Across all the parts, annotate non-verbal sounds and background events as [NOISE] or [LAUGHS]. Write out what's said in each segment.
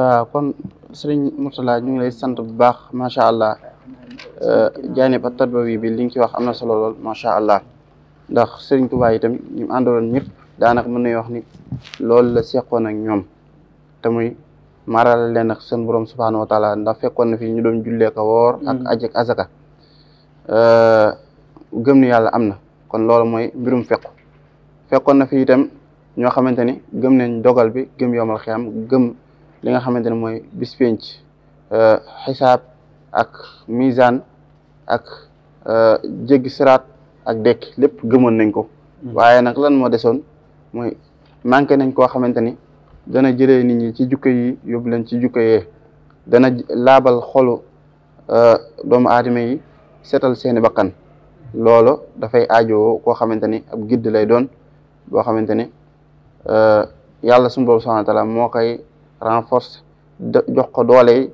waaw kon sëriñ Mourtala ñu ngi lay sant bu baax macha allah euh, jaanib at tarbawi bi li nga ci wax am na solo lool macha allah ndax sëriñ Tuubaa itam ñu àndaloon ñëpp daanaka mën nañu wax ni loolu la seqoon ak ñoom te muy maarale leen ak seen borom subhaanahu wa ndax fekkoon na fi ñu doon jullee ko woor ak mm. aj ak azaka euh, gëm ni yàlla am na kon loolu mooy mbirum fekku fekkoon fi itam ñoo xamante ni gëm bi gëm yomal xiyam gëm li nga xamante ne mooy bis penc euh, xisaab ak misaan ak euh, jéggi siraat ak dekk lépp gëmoon nañ ko hmm. waaye nag lan moo desoon mooy manqué nañ koo xamante ni dana jëlee nit ñi ci jukko yi yóbbu leen ci jukko yee dana laabal xolu euh, doomu aadama yi seetal seeni bakkan loolu dafay aajowoo koo xamante ni ab gidd lay doon boo xamante ni yàlla suñu boroom subhaanahu moo koy renforce jox ko doole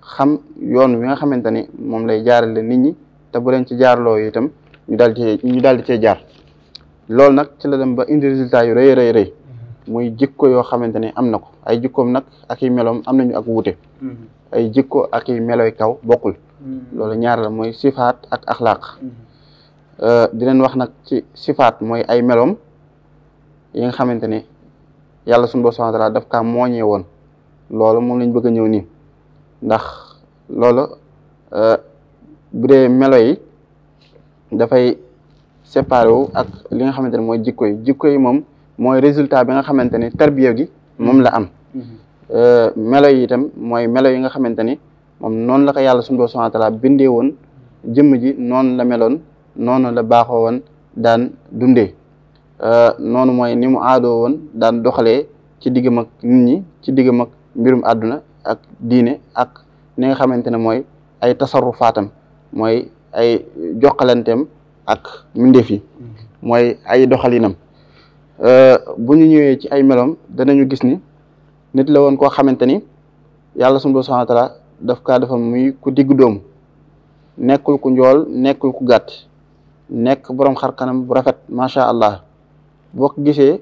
xam yoon wi nga xamante ni moom lay leen nit ñi te bu leen ci jaarloo itam ñu ñu daal di cee jaar loolu nag ci la dem ba indi résultat yu rëy rëy rëy jikko yoo xamante ni am na ko ay jikkoom nag ak i meloom am nañu ak wuute mm-hmm. ay jikko ak i meloy kaw bokkul mm-hmm. loolu ñaar la mooy sifaat ak axlaaq mm-hmm. euh, di leen wax nag ci sifaat mooy ay meloom yi nga xamante ni yàlla suñu borom subhaanahu wa taala daf kaa mooñee woon loolu moom lañ bëgg a ñëw nii ndax loolu euh, bu dee melo yi dafay séparé wu ak li nga xamante ne mooy jikko yi jikko yi moom mooy résultat bi nga xamante ni tarbiya gi moom la am mm-hmm. euh, melo yi itam mooy melo yi nga xamante ni moom noonu la ko yàlla suñu borom subhaanahu bindee woon jëmm ji noonu la meloon noonu la baaxoo woon daan dundee Euh, noonu mooy ni mu aadoo woon daan doxalee ci diggam ak nit ñi ci diggam ak mbirum àdduna ak diine ak ni nga xamante ne mooy ay tasarrufaatam mooy ay joxalanteem ak mbindeef yi mooy ay doxalinam euh, bu ñu ñëwee ci ay meloom danañu gis ni nit la woon koo xamante ni yàlla subhaanahu wa taala daf kaa defal muy ku digg doomu nekkul ku njool nekkul ku gàtt nekk boroom xar kanam bu rafet macha allah boo ko gisee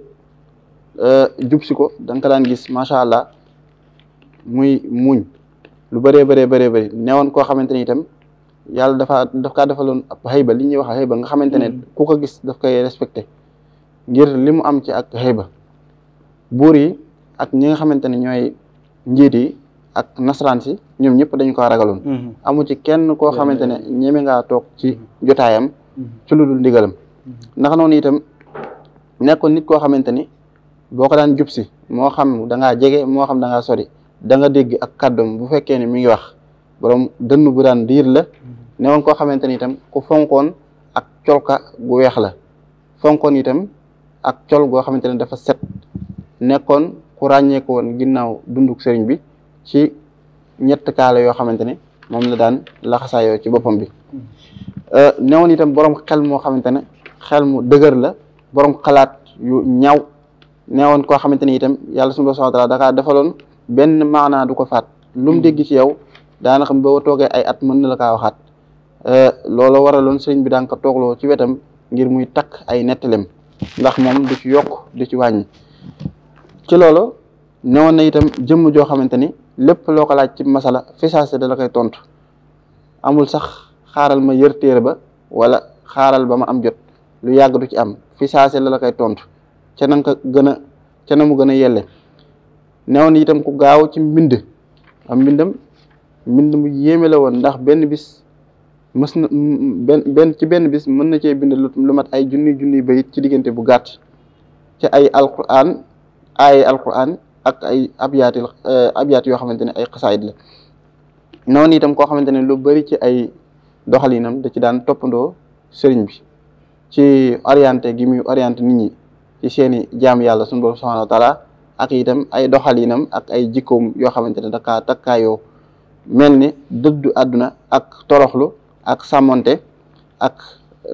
euh, jub si ko da nga daan gis macha allah muy muñ lu bëree bëree bëree bëri newoon koo xamante ni itam yàlla dafa daf kaa defaloon xëyba li ñuy wax xëyba nga xamante ne mm-hmm. ku ko gis daf koy respecté ngir li mu am ci ak xëyba buur yi ak ñi nga xamante ne ñooy njiit yi ak nasaraan si ñoom ñëpp dañu ko ragaloon mm-hmm. amu ci kenn koo xamante ne ñeme ngaa toog ci mm-hmm. jotaayam ci lu dul ndigalam ndax noonu nekkoon nit koo xamante ni boo ko daan jubsi moo xam da ngaa jege moo xam da ngaa sori da nga dégg ak kàddoom bu fekkee ne mu ngi wax borom dënnu bu daan diir la mm-hmm. newoon koo xamante ni itam ku fonkoon ak colka gu weex la fonkoon itam ak col goo xamante ne dafa set nekkoon ku ràññee woon ginnaaw dunduk sëriñ bi ci ñett kaala yoo xamante ne moom la daan laxasaayoo ci boppam bi mm-hmm. euh, newoon itam borom xel moo xamante ne xel mu dëgër la borom xalaat yu ñaw neewoon koo xamante ni itam yàlla suñu subhaanahu wa taala defaloon benn maanaa du ko faat lu mu hmm. dégg ci yow daana xam boo toogee ay at mën na la kaa waxaat euh, loolu waraloon sëriñ bi daan ko toogloo ci wetam ngir muy takk ay nettalem ndax moom du ci yokk du ci wàññi ci loolo newoon na itam jëmm joo xamante ni lépp loo ko laaj ci masala fisaase da la koy tontu amul sax xaaral ma yër téere ba wala xaaral ba ma am jot lu yàgg du ci am fi saase la la koy tontu ca na nga ko gën a mu gën a yelle newoon itam ku gaaw ci mbind am mbindam mbind mu yéeme la woon ndax benn bis mës ci benn bis mën na cee bind lu mat ay junni junni bayit ci diggante bu gàtt ci ay alquran ay alquran ak ay abyaatil eh, abyaat yoo xamante ne ay xasaayid la noonu itam koo xamante ne lu bari ci ay doxalinam da ci daan toppandoo sëriñ bi ci orienté gi muy orienté nit ñi ci seeni jaam yàlla suñu borom subhaanahu ak itam ay doxalinam ak ay jikkoom yoo xamante ne dakaa takkaayoo mel ni dëddu àdduna ak toroxlu ak sàmmoonte ak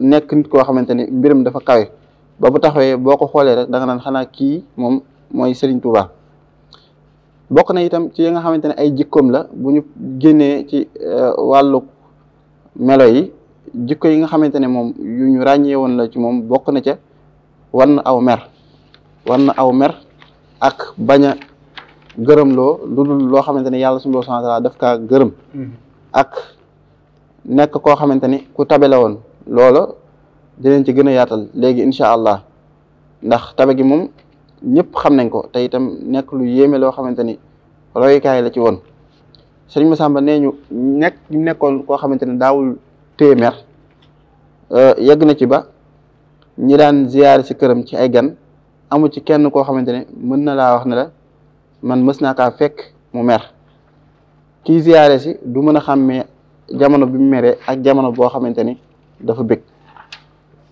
nekk nit koo xamante ni mbiram dafa kawe ba bu taxawee boo ko xoolee rek danga naan xanaa kii moom mooy seriñ Touba bokk na itam ci yi nga xamante ne ay jikkoom la bu ñu génnee ci euh, wàllu melo yi jikko yi nga xamante ne moom yu ñu ràññee woon la ci moom bokk na ca war na aw mer war na aw mer ak bañ gërëm loo lu dul loo xamante ne yàlla subhaanahu wa ta'aala daf kaa gërëm mm-hmm. ak nekk koo xamante ni ku tabe woon loola dinañ ci gën a yaatal léegi incha allah ndax tabe gi moom ñëpp xam nañ ko te itam nekk lu yéeme loo xamante ni royukaay la ci woon sëriñ Masamba nee ñu nekk ñu nekkoon koo xamante ne daawul téeméer yegg na ci ba ñi daan ziyaar si këram ci ay gan amu ci kenn koo xamante ne mën na laa wax ne la man mës naa kaa fekk mu meer kii ziyaare si du mën a xàmmee jamono bi mu meree ak jamono boo xamante ni dafa bëgg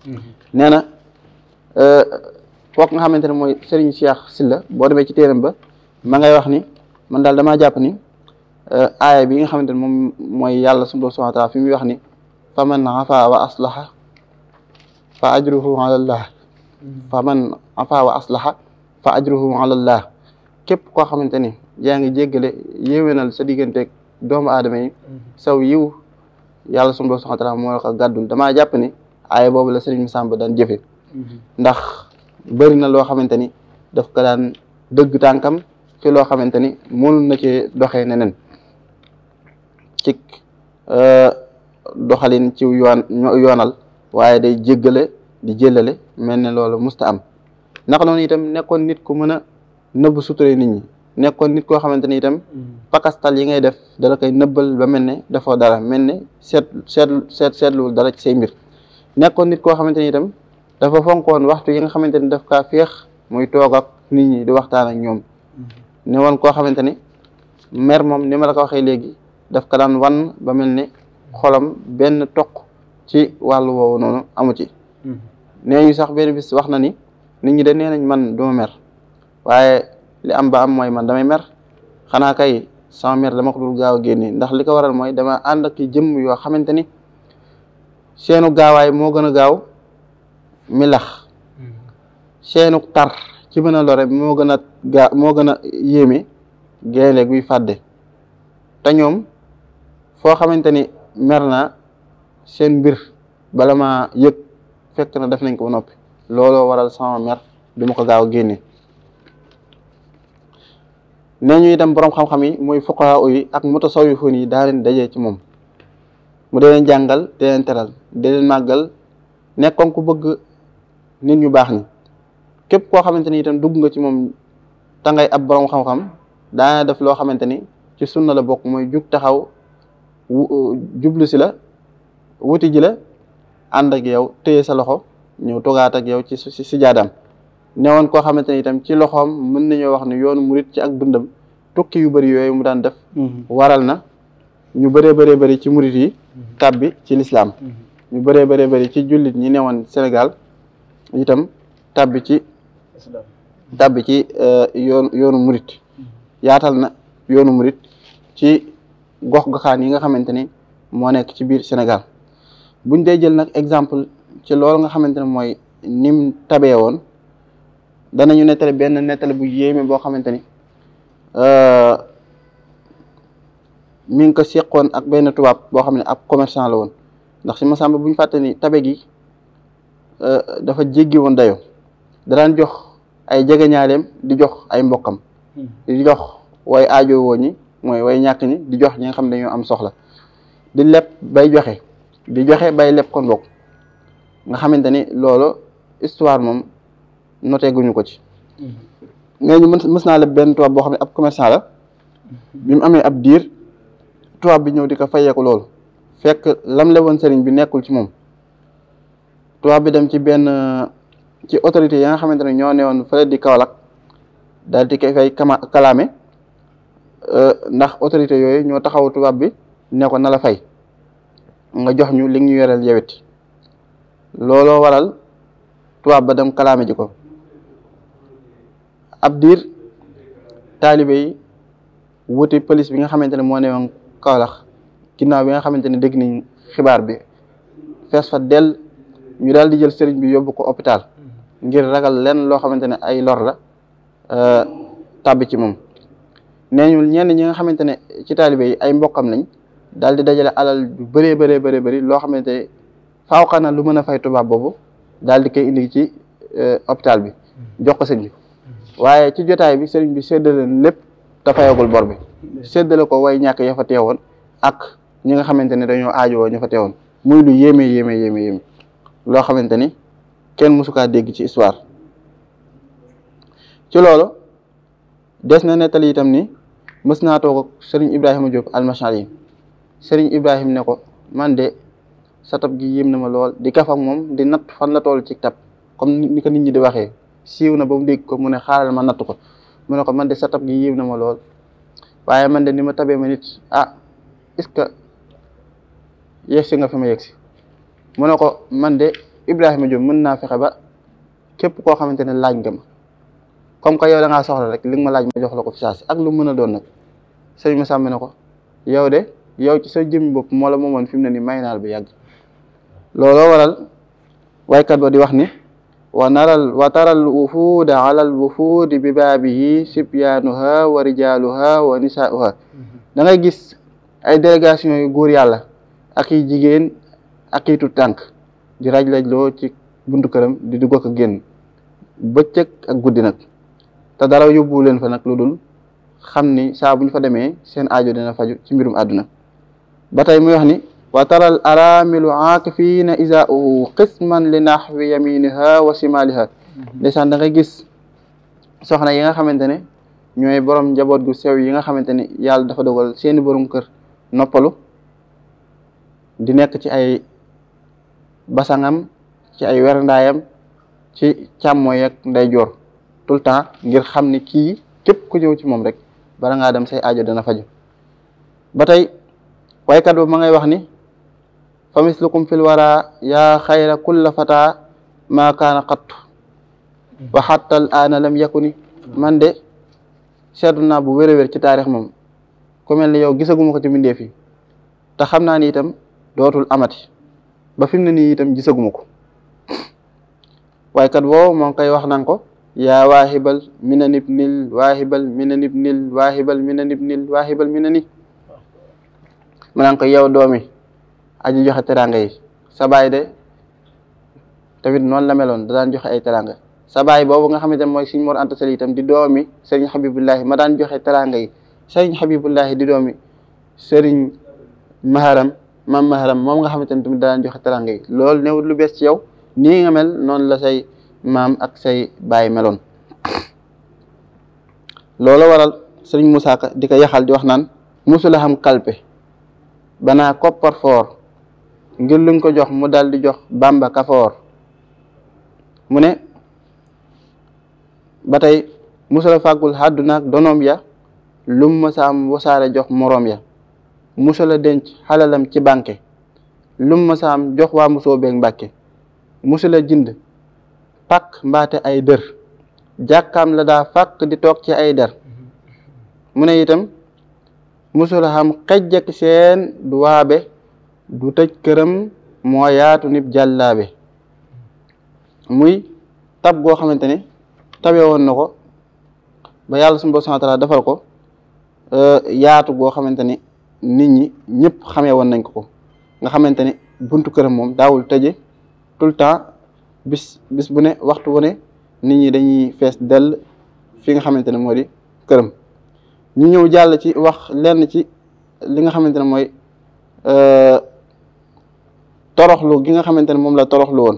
mm-hmm. nee na euh, kooku nga xamante ne mooy Serigne Cheikh Sylla boo demee ci téeram ba ma ngay wax ni man daal damaa jàpp ni euh, aaya bi nga xamante ne moom mooy yàlla subhaanahu wa taala fi muy wax ni faman afa wa aslaha fa ajruhu ala llah faman képp koo xamante ni yaa ngi jéggale yéwénal sa diggante doomu aadama yi saw yiw yàlla sunu borom subhaanahu wa taala moo la ko gàddul damaa jàpp ni aaya boobu la sëriñ Masamba daan jëfe ndax bëri na loo xamante ni daf ko daan dëgg tànkam ci loo xamante ni mënul na ci doxee neneen ci euh, doxalin ci yoon yoonal waaye day jéggale di jëlale mel ne loolu musta am naka noonu itam nekkoon nit ku mën a nëbb suturee nit ñi nekkoon nit koo xamante ni itam mm-hmm. pakastal yi ngay def dala koy nëbbal ba mel ne dafoo dara mel ne seet seet seet seetluwul dara ci say mbir nekkoon nit koo xamante ni itam dafa fonkoon waxtu yi nga xamante ni daf kaa feex muy toog ak nit ñi di waxtaan ak ñoom mm-hmm. ne woon koo xamante ni mer moom ni ma la ko waxee léegi daf ko daan wan ba mel ne xolam benn toq ci wàllu woowu noonu amu ci hmm. nee ñu sax benn bis wax na ni nit ñi de nee nañ man duma mer waaye li am ba am mooy man damay mer xanaa kay sama mer dama ko gaaw a génne ndax li ko waral mooy dama ànd ak jëmm yoo xamante ni seenu gaawaay moo gën a gaaw mi lax hmm. seenu tar ci mën a lore moo gën a gaa moo gën a yéeme gaynde guy fàdde te ñoom foo xamante mer na seen mbir bala maa yëg fekk na def nañ ko noppi looloo waral sama mer du ko gaaw a génne nee ñu itam boroom xam-xam yi muy fuqahaa yi ak mutasawwifun yi daa leen dajee ci moom mu dee leen jàngal dee leen teral dee leen màggal nekkoon ku bëgg nit ñu baax ñi képp koo xamante ni itam dugg nga ci moom ta ngay ab boroom xam-xam daana def loo xamante ni ci sunna la bokk mooy jug taxaw Euh, jublu si la wuti ji la ànd ak yow téye sa loxo ñëw togaat ak yow ci si si jaadaam newoon koo xamante ne itam ci loxoom mën nañoo wax ne yoonu murit ci ak dundam tukki yu bari yooyu mu daan def mhm. waral na ñu bëree bëree bari ci murit yi mhm. tàbbi ci lislaam mhm. ñu bëree bëree bari ci jullit ñi newoon Sénégal itam tàbbi ci ci euh, yoonu yoonu murit yaatal na yoonu murit ci gox goxaan yi nga xamante ne moo nekk ci biir Sénégal buñ dee jël nag exemple ci loolu nga xamante ne mooy nim tabee woon danañu nettali benn nettali bu yéeme boo xamante ni euh, mi ngi ko seqoon ak benn tubaab boo xam ne ab commercant la woon ndax si Masamba bu ñu fàtte tabe gi euh, dafa jéggi woon dayo da jox ay jegeñaaleem di jox ay mbokkam hmm. di jox way aajo woo mooy way ñàkk ñi di jox ñi nga xam ne dañoo am soxla di leb bay joxe di joxe bay leb kon bokk nga xamante ni loolu histoire moom noteeguñu ko ci. mais mm-hmm. ñu mës naa leb benn tubaab boo xam ne ab commerçant la mm-hmm. bi mu amee ab diir tubaab bi ñëw di ko fayeeku loolu fekk lam leboon sëriñ bi nekkul ci moom tuwaab bi dem ci benn ci autorité ya nga xamante ne ñoo newoon di Kaolack daal di koy fay kalaame. Euh, ndax autorité yooyu ñoo taxaw tubaab bi ne ko na la fay nga jox ñu li ñu yoreel yewit looloo waral tubaab ba dem kalaame ji ko ab diir taalibe wuti police bi nga xamante ne moo ne woon Kaolack ginnaaw bi nga xamante ne dégg nañ xibaar bi fees fa dell ñu daal di jël sëriñ bi yóbbu ko hôpital ngir ragal lenn loo xamante ne ay lor la euh, tàbbi ci moom nee ñu ñenn ñi nga xamante ne ci taalibe yi ay mbokkam lañ daal di dajale alal bu bëree bëree bëri bëri loo xamante ne faaw xanaa lu mën a fay tubaab boobu daal di koy ci euh, hôpital bi mm-hmm. jox ko sëñ mm-hmm. waaye ci jotaay bi sëriñ bi séddale lépp te fayagul bor bi mm-hmm. séddale ko way ñàkk ya fa teewoon ak ñi nga xamante ne dañoo aajowoo ñu fa teewoon muy lu yéeme yéeme yéeme yéeme loo xamante ni kenn mësukaa dégg ci histoire ci loolu des na nettali itam ni mës naa toog ak sëriñ Ibrahima Diop almashari yi sëriñ Ibrahima ne ko man de sa tab gi yéem na ma lool di kafak moom di natt fan la toll ci tab comme ni ko nit ñi di waxee siiw na boobu mu ko mu ne xaaral ma natt ko mu ne ko man de sa tab gi yéem na ma lool waaye man de ni ma tabee ma nit ah est-ce que yegsi nga fi ma yegsi mu ne ko man de Ibrahima Diop mën naa fexe ba képp koo xamante ne laaj nga ma. comme que yow da soxla rek li nga ma laaj ma jox la ko fi saasi ak lu mën a doon nag sëñ ma sàmm na ko yow de yow ci sa jëmmi bopp moo la moomoon fi mu ne ni may naal bu yàgg looloo waral waykat ba di wax ni wa naral wa taral wufuuda alal wufuudi bi baabihi sibyaanuha wa rijaaluha wa nisaauha da ngay gis ay délégation yu góor yàlla ak i jigéen ak i tànk di raj loo ci buntu këram di dugg ko génn bëccëg ak guddi nag te dara yóbbu leen fa nag lu dul xam ni saa bu ñu fa demee seen aajo dina faju ci mbirum àdduna ba tey muy wax ni wa tara al aramilu aakifiina izaahu qisman li naxwi yaminiha wa simaliha mhm. ndeysaan da nga gis soxna yi nga xamante ne ñooy borom njaboot gu sew yi nga xamante ne yàlla dafa dogal seeni borom kër noppalu di nekk ci ay basangam ci ay werndaayam ci càmmooy ak ndeyjoor tout le temps ngir xam ne kii képp ku ñëw ci moom rek bala ngaa dem say ajo dana faju ba tey waykat ba ma ngay wax ni fa mislukum fil wara yaa xayra kulla fata maa kaana xattu wa xatta lam yakuni man de seetlu naa bu wér a ci taarix moom ku ne yow gisaguma ko ci mbindeef yi te xam naa ni itam dootul amati ba fi mu ne nii itam gisaguma ko waykat boobu moo ngi wax nan ko yaa waahibal mina nib nil waahibal mina nib nil waahibal mina nib nil waahibal mina ni mu naan ko yow doomi aji joxe teranga yi sa baay de tamit noonu la meloon da daan joxe ay teranga sa baay boobu nga xamante ne mooy sëñ Mor Anta Sali itam di doomi sëriñ Xabibullahi ma daan joxe teranga yi sëriñ Xabibullahi di doomi sëriñ Maharam maam Maharam moom nga xamante ne tamit da daan joxe teranga yi lool newut lu bees ci yow nii nga mel noonu la say maam ak say baay meloon loolu waral sëriñ Moussa di ko yaxal di wax naan musula xam kalpe banaa koppar foor ngir lum ko jox mu dal di jox bàmba kafoor mu ne ba tey musula faggul àdduna ak donoom ya lum mësa am wasaare jox moroom ya musula denc xalalam ci banque lum mësa jox waa musoo beeg mbàkke musula jind pàkk mbaate ay dër jàkkaam la daa fàkk di toog ci ay der mu ne itam musula xam xejj ak seen du waabe du tëj këram moo yaatu nib jàllaabe muy tab goo xamante ne tabe woon na ko ba yàlla suñu borom taala defal ko e, yaatu goo xamante ne nit ñi ñëpp xamee woon nañ ko ko nga xamante ne buntu këram moom daawul tëje tout temps bis bis bu ne waxtu wane nit ñi dañuy fees dell fi nga xamante ne moo di këram ñu ñëw jàll ci wax lenn ci li nga xamante ne mooy euh, toroxlu gi nga xamante ne moom la toroxlu woon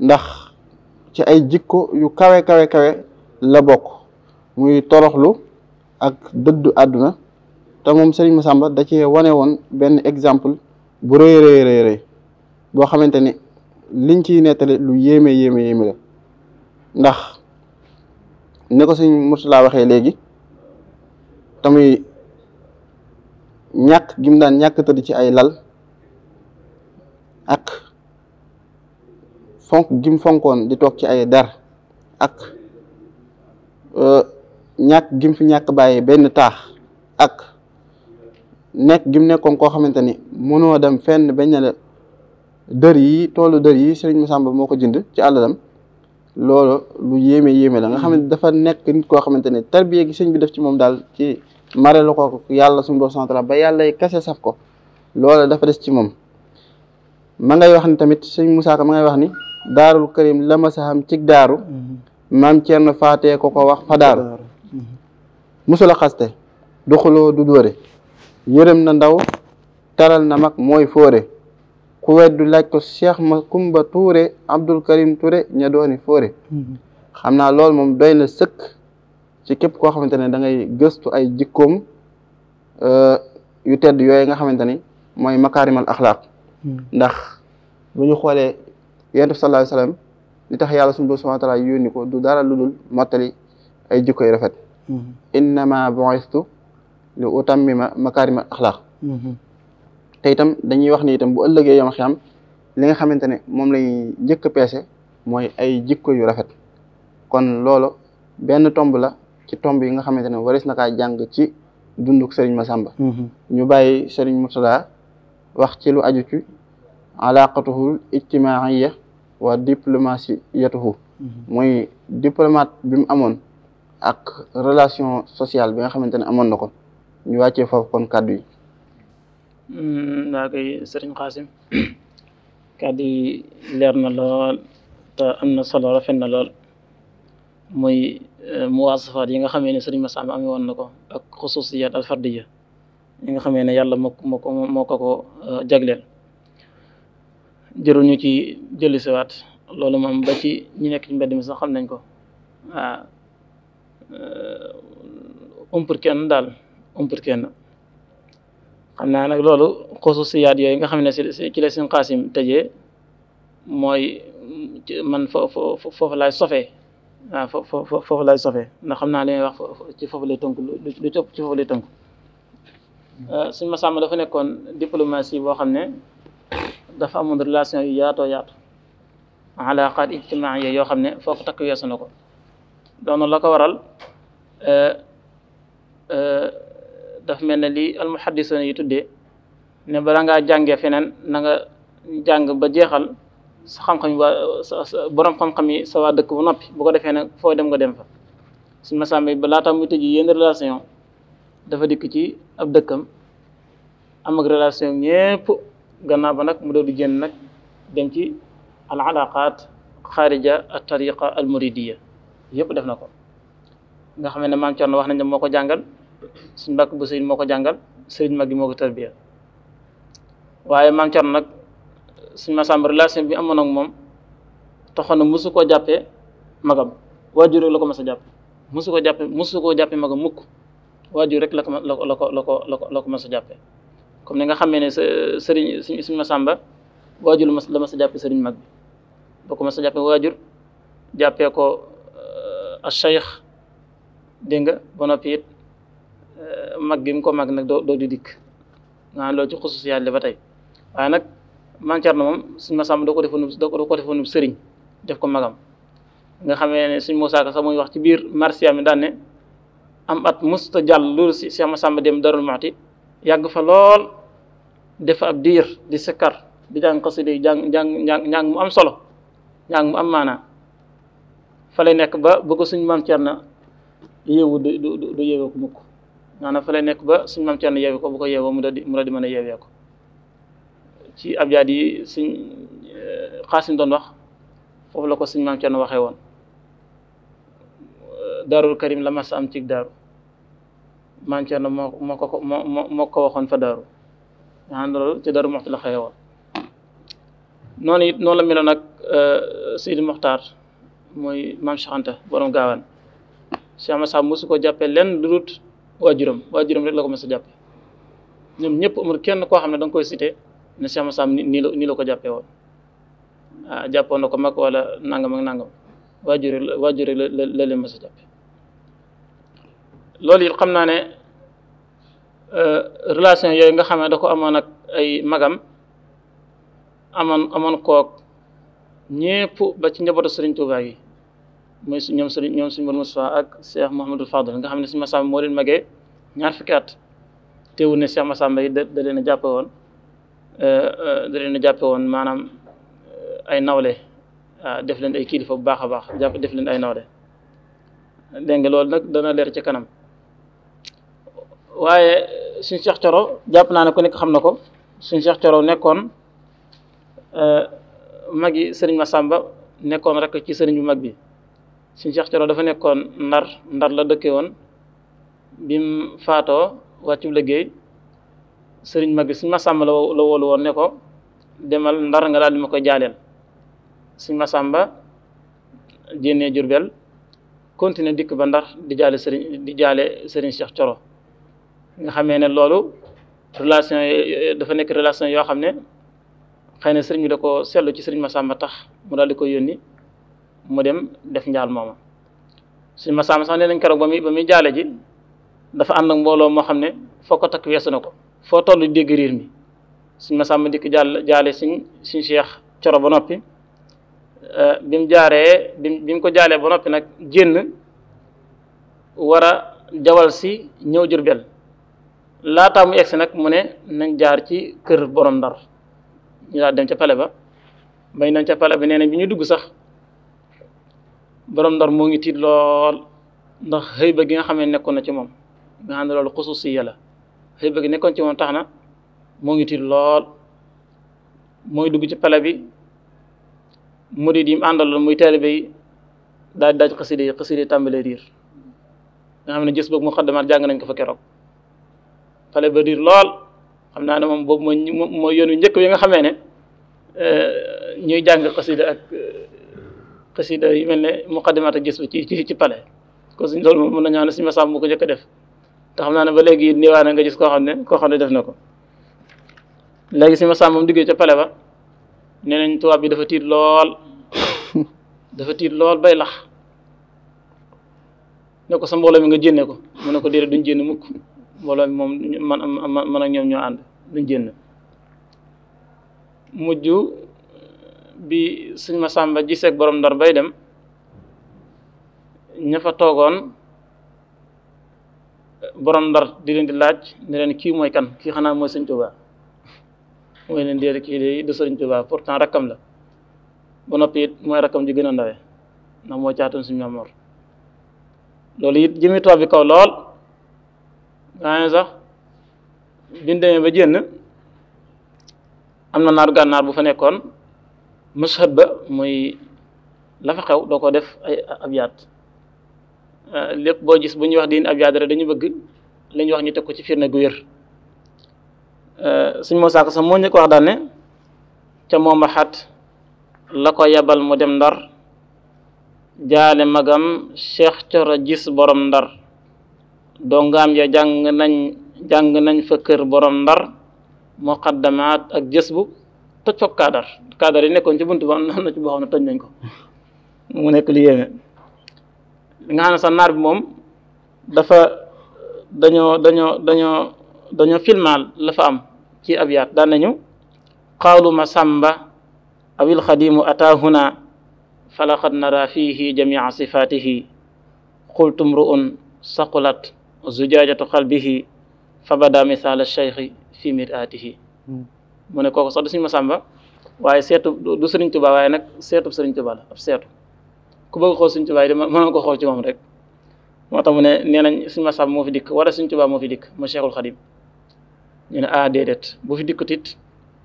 ndax ci ay jikko yu kawe kawe kawe la bokk muy toroxlu ak dëddu àdduna te moom Serigne Massamba da cee wane woon benn exemple bu rëy rëy rëy boo xamante ni liñ ci nettali lu yéeme yéeme yéeme la ndax ne ko sëñ Murtala waxee léegi tamuy ñàkk gim mu daan ñàkk tëdd ci ay lal ak fonk gi fonkoon di toog ci ay dar ak e, ñàkk gim fi ñàkk bàyyi benn taax ak nekk gim nekkoon koo xamante ni mënoo dem fenn bañ na la dër yi toolu dër yi Serigne Massamba moo ko jënd ci àllalam loolu lu yéeme yéeme la nga xam ne dafa nekk nit koo xamante ne tarbiya gi sëñ bi def ci moom daal ci mare la ko yàlla suñu borom central ba yàlla kese saf ko loola dafa des ci moom ma ngay wax ni tamit sëñ Moussa Ka ma ngay wax ni daarul karim la ma am cig daaru mm-hmm. maam Thierno faatee ko ko wax fa daaru mm-hmm. musula xaste du xuloo du dóore yërëm na ndaw taral na mag mooy fóore ku weddu laaj ko cheikh ma kumba Touré Abdul Karim Touré ña dooni fóore hmm. xam naa loolu moom doy na sëkk ci képp koo xamante ne da ngay gëstu ay jikkoom euh, yu tedd yooyu nga xamante ni mooy makaarimal axlaaq hmm. ndax bu ñu xoolee yonent bi sallallahu alayhi wasallam li tax yàlla suñu borom subhanahu wa ta'ala yónni ko du dara lu dul mottali ay jikko yu rafet hmm. innama bu'istu li utammima makaarimal axlaaq te itam dañuy wax ni itam bu ëllëgee yom xiyam li nga xamante ne moom lañuy njëkk a peese mooy ay jikko yu rafet kon loolu benn tomb la ci tomb yi nga xamante ne waris na kaa jàng ci dunduk Serigne Massamba mhm. ñu bàyyi Serigne Mourtada wax ci lu aju ci alaqatuhul ijtimaaiya wa diplomasiyatuhu mooy mhm. diplomate bi mu amoon ak relation sociale bi nga xamante ne amoon na ko ñu wàccee foofu kon kàddu yi waa mm, koy sëriñ Xaasim [CLEARS THROAT] kàddu yi leer na lool te am na solo rafet na lool mooy muy eh, muwaasafaat yi nga xamee ne sëriñ ma amee woon na ko ak xususiyaat al fardiya yi nga xamee ne yàlla mokk moo ko moo ko ko eh, jagleel jëruñu ci jëli siwaat loolu moom ba ci ñi nekk ci mbedd mi sax xam nañ ko waaw ah, eh, umpur kenn daal umpur kenn xam naa nag loolu xususiyaat yooyu nga xam ne si ci la suñ xaasim tëjee mooy man foofu foofu laay sofee waaw foofu foofu laay sofee ndax xam naa li wax ci foofu lay tënk lu ci ëpp ci foofu lay tënk suñ ma sàmm dafa nekkoon diplomatie boo xam ne dafa amoon relation yu yaatoo yaatu alaqaat ijtimaaiya yoo xam ne foo takk weesu na ko doonu la waral eh, eh, daf mel na lii almuhaddisoon yi tuddee ne bala ngaa jàngee feneen nanga nga jàng ba jeexal sa xam-xam yi waa borom xam-xam yi sa waa dëkk bu noppi bu ko defee nag foo dem nga dem fa suñu ba laata muy tëj yenn relation dafa dikk ci ab dëkkam am ak relation ñëpp gannaaw ba nag mu doon di génn nag dem ci al alaqaat xaarija al tariqa al muridiya yëpp def na ko nga xam ne maam Cerno wax na moo ko jàngal suñ mbàkk bu sëriñ moo ko jàngal sëriñ mag gi moo ko tarbiya waaye maam Cerno nag suñ Masamba relation bi amoon ak moom taxoon na mosu koo jàppee magam waajur rek la ko mas a jàpp mosu koo jàppee mosu koo jàppee magam mukk waajur rek la ko ma ko la ko la ko la ko a jàppee comme ni nga xamee ne sëriñ suñ Masamba waajur la ma a jàppee sëriñ mag bi boo ko mas a jàppee waajur jàppee ko euh, a cheikh dégg nga ba noppi Euh, mag gi ko mag nag doo doo di dikk maanaam loolu ci xususiyaat ba tey waaye nag Maam Cerno moom suñ Masamba doo ko defoon doo ko defoon sëriñ def ko magam nga xamee ne suñ Moussa Ka sax muy wax ci biir marsiya mi daan ne am at musta jàll loolu si Cheikh Masamba dem Darou Mouhty yàgg fa lool def ab diir di sikkar di jàng xasida yi jàng jàng njàng mu am solo njàng mu am maanaa fa lay nekk ba bëgg suñ Maam Cerno yéewu du du du yéewee ko mukk maanaam fa lay nekk ba suñ maam Cerno yeewee ko bu ko yeewoo mu daldi mu daldi a yeewee ko ci abjaad yi suñ eh, xaasim doon wax foofu la ko suñ maam Cerno waxee woon daarul karim la mas am ci daaru maam Cerno moo moo ko waxoon fa daaru maanaam loolu ci daaru moxti la noonu it noonu la meloon ak eh, Seydi mooy maam Cheikh Anta gaawaan Cheikh Massa mosu ko jàppee lenn lu waajuram waajuram rek la ko mës a jàppe ñoom ñëpp amul kenn koo xam ne da nga koy cité ne Cheikh Massa Sam nii la nii la ko jàppee ah, jàppoon na ko mag wala nangam ak nangam waajur waajur rek la la leen mës jàpp loolu it xam naa ne euh, relation yooyu nga xam ne da ko amoon ak ay magam amoon amoon kook ñépp ba ci njabootu Serigne Touba yi mooy su ñoom sëriñ ñoom suñu Mor Moustapha ak Cheikh Mouhamadou Fadl nga xam ne suñu Massamba moo leen magee ñaar fukki at teewul ne Cheikh Massamba yi da leen a jàppe woon euh, euh, da jàppe woon maanaam euh, ay nawle ah, def leen ay kilifa bu baax a baax jàpp def leen ay nawle dégg nga loolu nag dana leer ci kanam waaye suñ Cheikh Thioro jàpp naa ne ko nekk xam na ko suñ Cheikh Thioro nekkoon magi sëriñ ma Massamba nekkoon rek ci sëriñ bu mag bi suñ Cheikh Thioro dafa nekkoon ndar ndar la dëkke woon bim faatoo wàccu liggéey sëriñ mag bi suñ Masamba la la woolu woon ne ko demal ndar nga daal di ma koy jaaleel suñ Masamba jénnee Jurbel continuer dikk ba ndar di jaale sëriñ di jaale sëriñ Cheikh nga xamee ne loolu relation dafa nekk relation yoo xam ne xëy na sëriñ bi da ko seetlu ci sëriñ Masamba tax mu daal di koy yónni mu dem def njaal mooma suñ ma saama sax nee nañ keroog ba muy muy jaale ji dafa ànd ak mbooloo moo xam ne foo ko takk weesu na ko foo toll dégg riir mi suñ ma saama dikk jaal jaale suñ suñ Cheikh Coro ba noppi euh, bi mu jaaree bi ko jaalee ba noppi nag génn war a jawal si ñëw Jurbel laataa mu egsi nag mu ne nañ jaar ci kër borom ndar ñu daal dem ca pale ba bay nañ ca pale bi nee nañ bi ñu dugg sax borom ndar moo ngi tiit lool ndax xëy ba gi nga xam ne nekkoon na ci moom nga xam ne loolu xususiya la xëy ba gi nekkoon ci moom tax na moo ngi tiit lool mooy dugg ci pale bi mu murid yi mu àndaloon muy taalibe yi daal di daaj xaside yi xaside yi tàmbalee riir nga xam ne gis mu xaddamaat jàng nañ ko fa keroog pale ba lool xam naa ne moom boobu mooy njëkk yi nga xamee ne eh, ñuy jàng xaside xasida yu mel ne muqaddimata a bi ci ci pale ko suñ loolu moom mën na ñaa ne si masaam mu ko njëkk a def te xam naa ne ba léegi niwaa na nga gis koo xam ne koo xam ne def na ko léegi suñu masaam moom diggee ca pale ba nee nañ tuwaab bi dafa tiit lool dafa tiit lool bay lax ne ko sa mbooloo mi nga jénne ko mu ne ko déedéet duñ jénn mukk mbooloo mi moom man man ak ñoom ñoo ànd duñ jénn mujj bi suñ ma sàmba ji giseeg borom ndar bay dem ña fa toogoon borom ndar di leen di laaj ne leen kii mooy kan kii xanaa mooy sëñ Tuubaa mooy leen déedéet kii de du sëñ Tuubaa pourtant rakkam la ba noppi it mooy rakkam ji gën a ndawe ndax moo caatoon suñ Maam Mor loolu it jëmi bi kaw lool gaa sax biñ demee ba jénn am na naaru gànnaar bu fa nekkoon mashab ba mooy la xew doo ko def ay abyaat euh, lépp boo gis bu ñuy wax diin abyaat rek dañu bëgg la ñuy wax ñu teg ko ci firnde gu wér euh, suñ moo saako sax moo ñu wax daal ne ca moom xat la ko yebal mu dem ndar jaale magam cheikh coro gis borom ndar dongaam ya jàng nañ jàng nañ fa kër borom ndar muqaddamaat ak jësbu toj foog kaadar kaadar yi nekkoon ci buntu ba na ci boo ko mu nekk lu yéeme nga xam ne bi moom dafa dañoo dañoo dañoo dañoo filmaal la am ci ab yaat daan nañu qaalu ma sàmba awil xadimu ataahuna nara fiihi jamia sifaatihi qultum ru'un saqulat zujaajatu qalbihi fa bada misaal alcheikhi fi miraatihi hmm. mu ne kooku sax du ma sàmba waaye seetu du sëriñ Tuubaa waaye nag seetu sëriñ Tuubaa la ab seetu ku bëgg xool sëriñ Tuubaa yi mënoo ko xool ci moom rek moo tax mu ne nee nañ suñu Masamba moo fi dikk wala sëriñ Tuubaa moo fi dikk mu Cheikhul Khadim ñu ne ah déedéet bu fi dikkut it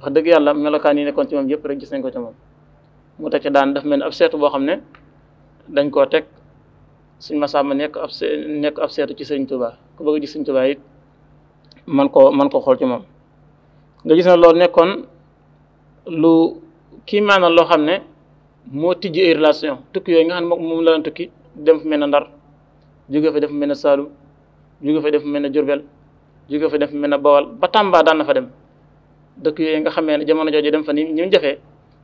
wax dëgg yàlla melokaan yi nekkoon ci moom yëpp rek gis nañ ko moom mu teg ci daan daf mel ne ab seetu boo xam ne dañ koo teg suñ Masamba nekk ab nekk ab seetu ci sëriñ Tuubaa ku bëgg gis sëriñ Tuubaa it man koo xool ci moom nga gis na loolu nekkoon lu kii maanaam loo xam ne moo tijji ay relation tukki yooyu nga xam ne moom la doon tukki dem fu mel ne Ndar jóge fa def mel ne Saalum jóge fa def mel ne Jurbel jóge fa def mel ne Bawal ba Tàmba daan na fa dem dëkk yooyu nga xamee ne jamono jooju dem fa nii ñu jafee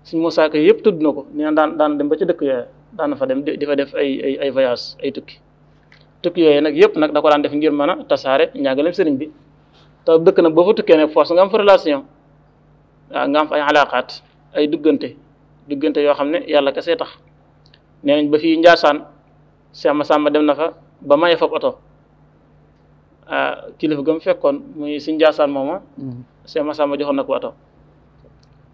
suñu mosaaka yëpp tudd na ko nee na daan daan dem ba ci dëkk yooyu daan na fa dem di fa def ay ay ay ay tukki tukki yooyu nag yëpp nag da ko daan def ngir mën a tasaare ñaagaleem sëriñ bi te dëkk na boo fa tukkee ne force nga am fa relation waaw fa ay alaaqaat ay duggante duggante yoo xam ne yàlla kese tax nee ba fii Njaasaan Seex Masamba dem na fa ba maye fab oto ah, kilifa ga mu fekkoon muy si Njaasaan mooma mm-hmm. Seex Masamba joxoon na ko oto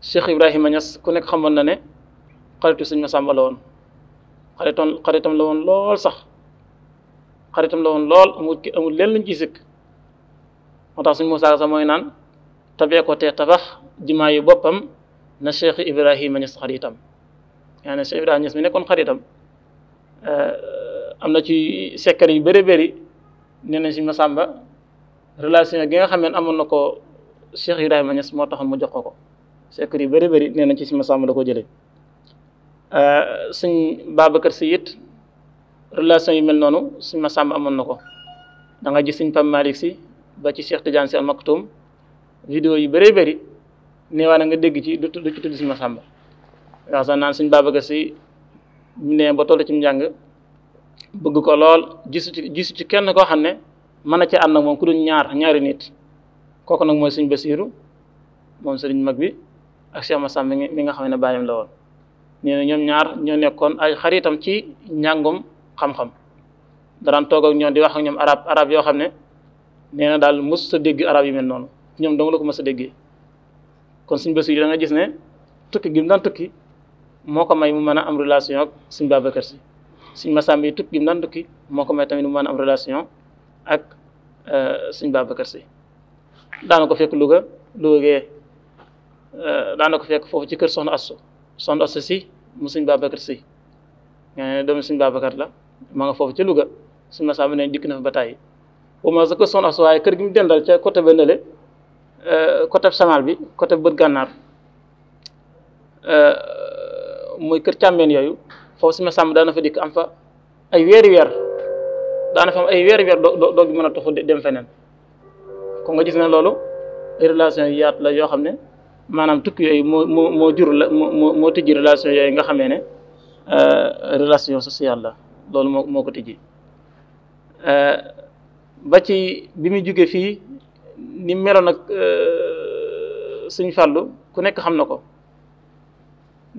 Cheikh Ibrahima Niass ku nekk xamoon na ne xaritu sëñ Masamba la woon xaritoon xaritam la woon lool sax xaritam lawoon lool amul amul leen lañ ciy sëkk moo tax suñ Moussa sax mooy naan tabee ko te tabax jumaa yu boppam na Cheikh Ibrahima Niass xaritam yaa ne Cheikh Ibrahima Niass mi nekkoon xaritam am na ci sekkar yu bëri bëri nee nañ si Masamba relation gi nga xam ne amoon na ko Cheikh Ibrahima Niass moo tax mu jox ko ko sekkar yu bëri bëri nee nañ ci si ma la ko jëlee suñ Babacar Sy it relation yu mel noonu si Masamba amoon na ko da ba ci Cheikh Tidiane Sy Al Maktoum yi yu bëree bëri neewaa na nga dégg ci du ci tudd Sëñ Masamba ndax sax naan Sëñ Babacar Sy ñu ne ba toll ci njàng bëgg ko lool gisu ci gisu kenn koo xam ne mën na ci am ak moom ku dul ñaar ñaari nit kooku nag mooy Sëñ Basiiru moom sëriñ mag bi ak ma Masamba mi nga xam ne bàyyam la woon nee na ñoom ñaar ñoo nekkoon ay xaritam ci njàngum xam-xam daraan toog ak ñoom di wax ak ñoom arab arab yoo xam ne nee na daal mos sa dégg arab yu mel noonu ñoom dong la ko mos a déggee kon suñ bés yi da nga gis ne tukki gi mu tukki moo ko may mu mën a am relation ak suñ Babacar si suñ Massamba yi tukki gi mu daan tukki moo ko may ak euh, suñ Babacar si daana ko fekk Louga Louga gee euh, daana ko fekk foofu ci kër soxna Assu soxna Assu si mu suñ Babacar si nga ne la ma nga foofu ci Louga suñ Massamba ne dikk na fa ba tàyyi au moins sa ko son waaye kër gi mu dendal ca côté ba nële euh, côté Samal bi côté bët gànnaar euh, mooy kër càmmeen yooyu foofu si ma sàmm daana fa dikk am fa ay weeri weer daana fa am ay weeri weer doo doo mën a toxu dem feneen kon nga gis ne loolu relation yu la yoo xam ne maanaam tukki yooyu moo moo moo jur la moo moo tijji relation yooyu nga xamee ne euh, relation sociale la loolu moo moo ko tijji ba ci bi mu jógee fii ni meloon ak euh, suñ fàllu ku nekk xam na ko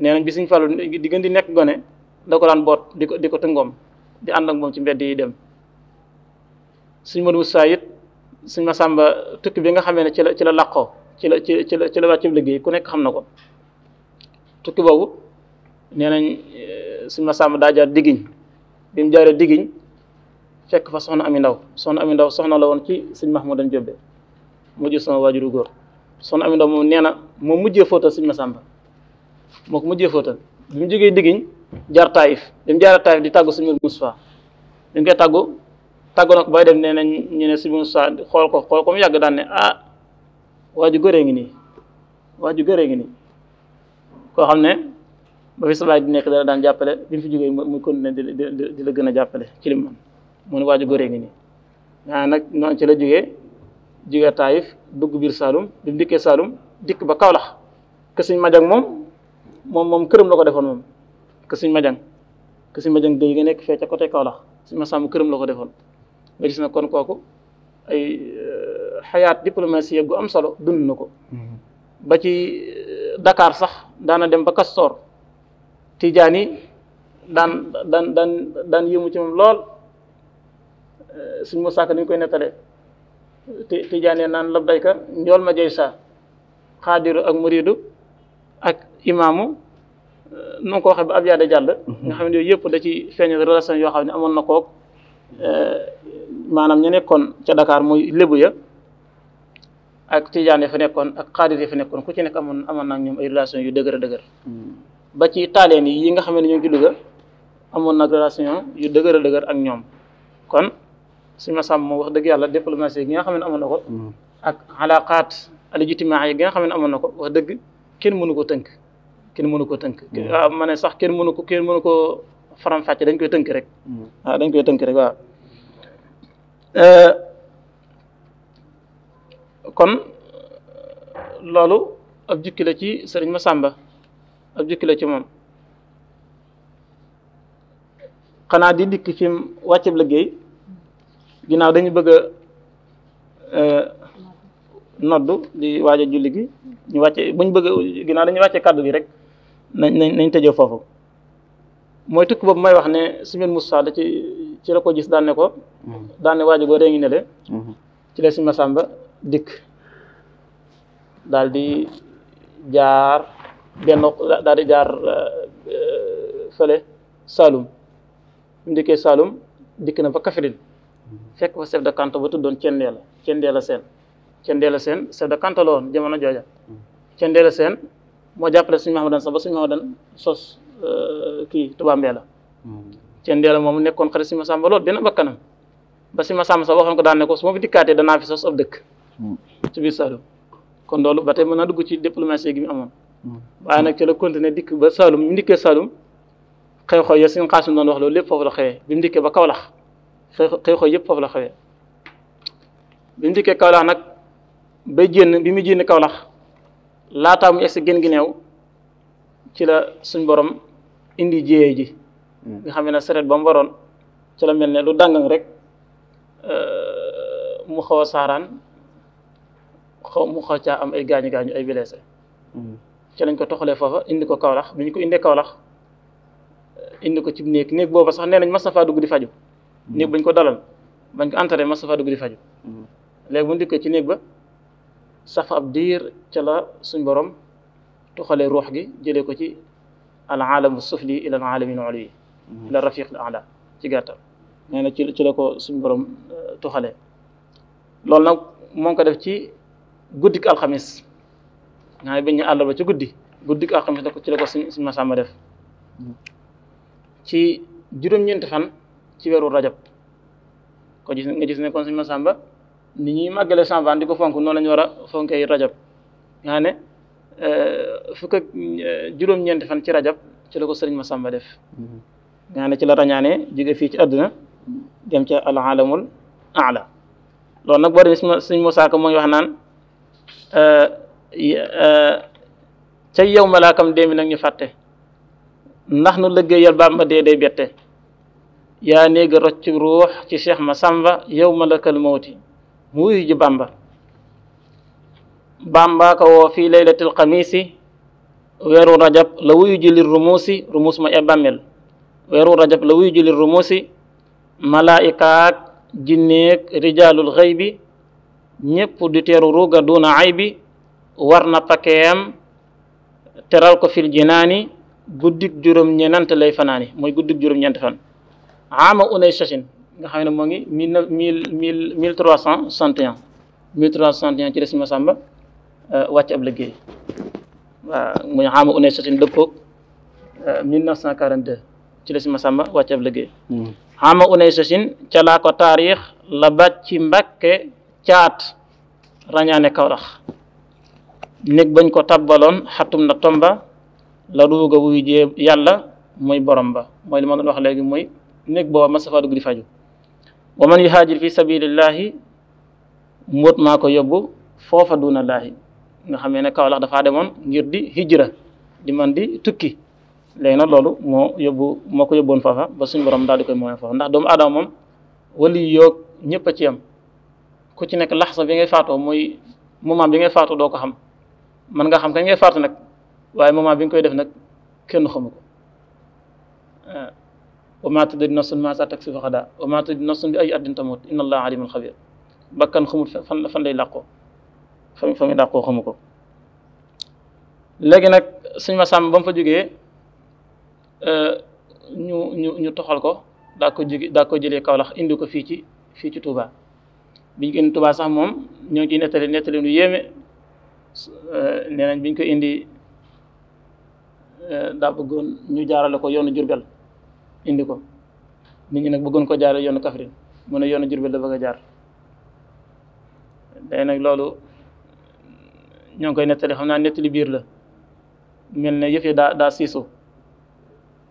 nee bi suñ fàllu di gën di nekk gone da ko daan boot di ko di ko tëngoom di ànd ak moom ci mbedd yi dem suñ Modou Moussa it ma Massamba tukki bi nga xamee ne ci la ci la làqoo ci la ci la ci la wàccum liggéey ku nekk xam na ko tukki boobu nee nañ euh, suñ Massamba daa jaar diggiñ bi mu jaaree diggiñ fekk fa soxna ami ndaw soxna amindaw soxna la woon ci sëñ Mahmoudan Jobbe moo jur sama waajuru góor soxna ami ndaw moom nee na moo mujjee fóotal sëñ Masamba moo ko mujjee fóotal mu jógee diggiñ jaar Taïf bi mu di tàgg sëñ Moussa bi mu koy tàggu tàggu nag bay dem nee nañ ñu ne sëñ Moussa xool ko xool ko mu yàgg daan ne ah waaju góoree ngi nii waaju góoree ngi nii koo xam ne ba fi sa baay di nekk daan jàppale bi mu jugee jógee muy continuer di di di la gën a jàppale ci li mu ne waaju góoree ngi nii naa nag noonu ci la jóge jógee Taayif dugg biir Saalum bi mu dikkee Saalum dikk ba Kaolack ke suñ majang moom moom moom këram la ko defoon moom ke suñ majang ke suñ majang géy nga nekk fee ca côté kawlax suñ ma sàmm këram la ko defoon nga gis na kon kooku ay euh, xayaat diplomatie gu am solo dund na ko mm-hmm. ba ci euh, dakaar sax daana dem ba Castor Tijaani daan daan daan daan yëmu ci moom lool suñ mu sàkk ni ñu koy nettalee ti tijaanee naan labbayka njool ma jay saa xaadiru ak muridu ak imaamu euh, nu ngi ko waxee ba ab yaada jàll nga xam ne yooyu yëpp da ci feeñal relation yoo xam ne amoon na kook euh, maanaam ñu nekkoon ca Dakar muy lébu ya ak tijaan ya fa nekkoon ak xaadir ya fa nekkoon ku ci nekk amoon amoon naag ñoom ay relation yu dëgër dëgër hmm. ba ci taaleen yi yi nga xam ne ci Louga amoon naag relation yu dëgër a dëgër ak ñoom kon suñ ma sàmm wax dëgg yàlla diplomatie gi nga xam ne amoon na ko mm. ak alaqaat alijtimaa yi gi nga xam ne amoon na ko wax dëgg kenn mënu ko tënk kenn mënu ko tënk mm. waaw ma ne sax kenn mënu ko kenn mënu ko faram dañ koy tënk rek mm. waaw dañ koy tënk rek waaw euh, kon loolu ab jukki la ci sëriñ sàmba ab jukki la ci moom xanaa di dikk fi mu wàcceb liggéey ginnaaw dañu bëgg a euh, noddu di waaj a julli gi ñu wàcce buñ bëgg ginnaaw dañuy wàcce kàddu gi rek nañ nañ tëjee foofu mooy tukki boobu may wax ne suñu Moussa da ci ci la ko gis daan ne ko mm-hmm. daan waajo goo ngi ne le mm-hmm. ci la si Masamba dikk daal di jaar daal di jaar euh, fële Saalum mu dikkee Saalum dikk na ba Kaffrine fekk fa chef de canton ba tuddoon Thiendella Thiendella Sène Thiendella Sène chef de canton la woon jamono jooja Thiendella Sène moo jàppale suñu Mahamadan sax ba suñu Mahamadan sos euh, kii Touba Mbella Thiendella moom nekkoon xarit suñu Masamba loolu benn bakkanam ba suñu Masamba sax waxoon ko daan ne ko su ma dikkaatee danaa fi sos ab dëkk ci biir Saloum kon loolu ba tey mën naa dugg ci diplomatie gi mu amoon waaye nag ci la continuer dikk ba Saloum mu ndikkee Saloum xew-xew ya suñu Xaasim doon wax loolu lépp foofu la xëyee bi mu ndikkee ba Kaolack xew xew yëpp foofu la xewee bi mu dikkee Kaolack nag bay génn bi muy génn Kaolack laataa mu egsi gën gi neew ci la suñ borom indi jéyee ji hmm. nga xam ne seret ba mu waroon ci la mel ne lu dàngang rek euh, mu xaw a saaraan xaw mu xaw caa am ay gaañu gaañu ay blessé hmm. ci lañ ko toxalee foofa indi ko Kaolack bi ñu ko indee Kaolack euh, indi ko ci néeg néeg booba sax nee nañ mas na faa dugg di faju néeg mm-hmm. bañ ko dalal bañ ko enterré Moustapha dugg di faju mm-hmm. léegi bu ñu ci néeg ba sax ab diir ca la suñ borom tuxalee ruux gi jëlee ko ci al aalamu sufli ila al aalamin olu yi mm-hmm. ila rafiq al ala ci gàttal nee na ci ci la ko suñ borom eh, tuxalee loolu nag moo ngi ko def ci guddik alxamis nga xam ne biñ ñu àll ba ci guddi guddik alxamis la ko ci la ko suñ suñ masamba def ci juróom-ñeenti fan ci weeru rajab ko gis nga gis ne kon suñu Masamba ni ñuy màggale Sampaan di ko fonk noonu la war a fonkee rajab nga ne euh, euh, juróom-ñeenti fan ci rajab ci la ko sëriñ Masamba def nga ne ci la rañaanee jóge fii ci àdduna dem ci al alamul aala loolu nag boo demee suñ mooy Ka moo ngi wax naan euh, ca yow malaakam déemi nag ñu fàtte ndax nu lëggéeyal Bàmba dee day bette yaa néega rocc ruux ci cheikh ma samba yow malakal mawti mu wuyu ji bamba bamba ko woo fii laylatil xamisi weeru rajab la wuyu ji li rumuusi rumuus ma ebammel weeru rajab la wuyu ji li rumuusi malaayikaak jinneeg rijaalul xëy bi ñépp di teeru ruuga duuna ay bi war na pakeem teral ko fil jinaani guddik juróom-ñeent lay fanaani mooy guddik juróom-ñeent fan ama unay chachin nga moo ngi mille mille mille trois cent soixante et un ci des Masamba euh, wàcc ab liggéey waaw muy ama unay chachin euh, ci des wàcc liggéey hmm. ama unay chachin ko taarix la bàcc ci Mbàkke caat rañaane Kawlax néeg bañ ko tabbaloon xatum na tomba la ruuga wuy yàlla muy borom ba mooy li ma doon wax léegi muy néeg booba ma faa dugg di faju wa man yuhaajir fi sabilillahi mbóot maa ko yóbbu foofa duna laahi nga xamee ne Kaolack dafaa demoon ngir di hijra di man di tukki léegi nag loolu moo yóbbu moo ko yóbboon foofa ba suñ borom daal di koy mooy foofa moom wali yoog ñëpp a ci yam ci nekk laxsa bi ngay faatoo mooy moment bi ngay faatoo doo ko xam mën nga xam kañ ngay faatu nag waaye moment bi nga koy def nag kenn xamu wa maa tadri nafsun maa saa taksibu xadaa wa maa tadri nafsun bi ay addin tamut inna allaha alimun bakkan xamul fan fan lay làqoo fa fa muy xamu ko léegi nag suñ ma sàmm ba mu fa jógee euh, ñu ñu ñu toxal ko daa ko jóge daa jëlee Kaolack indi ko fii ci fii ci Touba biñ ko indi Touba sax moom ñoo ngi ciy nettali nettali lu yéeme euh, nee biñ ko indi euh, daa bëggoon ñu jaarale ko yoonu Jurbel indi ko nit ñi nag bëggoon ko jaar yoonu Kaffrine mu ne yoonu Jurbel la bëgg a jaar day nag loolu ñoo ngi koy nettali xam naa nettali biir la mel ne yëfe yi daa daa siisu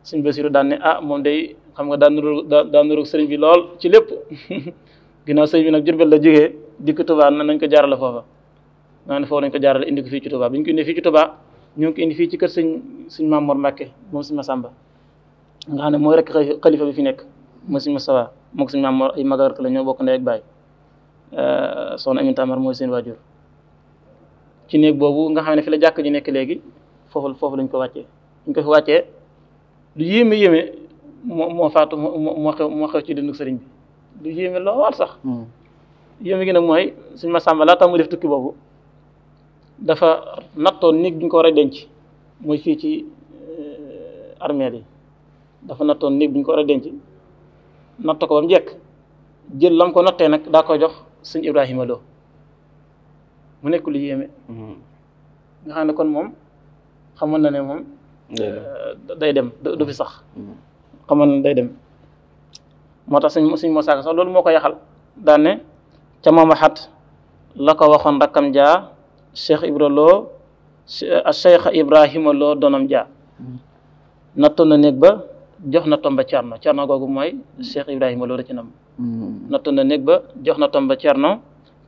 suñ Basiru daan ne ah moom day xam nga daa nuru daa sëriñ bi lool ci lépp [LAUGHS] ginnaaw sëriñ bi nag Jurbel la jógee dikk Tuubaa na nañ ko jaarale foofa naa ne foofu lañ ko jaaral indi ko fii ci Tuubaa bi ñu ko indi fii ci Tuubaa ñu ko indi fii ci kër sëñ sëñ Maam Mor Mbàkke moom sëñ Masamba nga xam ne mooy rek xalifa bi fi nekk mooy suñu Moustapha mook ay magar la bokk ndey ak baay euh, soxna mooy seen waajur ci néeg boobu nga fi la jàkk ji nekk léegi foofu foofu lañ ko wàccee ñu ko fi wàccee lu yéeme yéeme moo moo faatu moo ci dund sëriñ bi lu yéeme lool hmm. nag mooy suñu Masamba laa tax mu def tukki boobu dafa nattoon nit bi ñu ko war a denc mooy fii ci euh, armée yi dafa nattoon néeg bi ñu ko war a denc natt ko ba mu jekk jël lam ko nattee nag daa koy jox sëñ Ibrahima Lo mu nekk lu yéeme. Mm-hmm. nga xam ne kon moom xamoon na ne moom. day dem euh, du sax. Mm-hmm. xam na day dem moo tax sëñ sëñ Moussa Ka sax loolu moo ko yaxal daan ne ca moom la ko waxoon rakkam jaa Cheikh Ibra Lo Cheikh Ibrahima Lo doonam jaa mm-hmm. nattoon na néeg ba. jox na tomba cerno cerno googu mooy Cheikh Ibrahima loolu ci nam natt na néeg ba jox na tomba cerno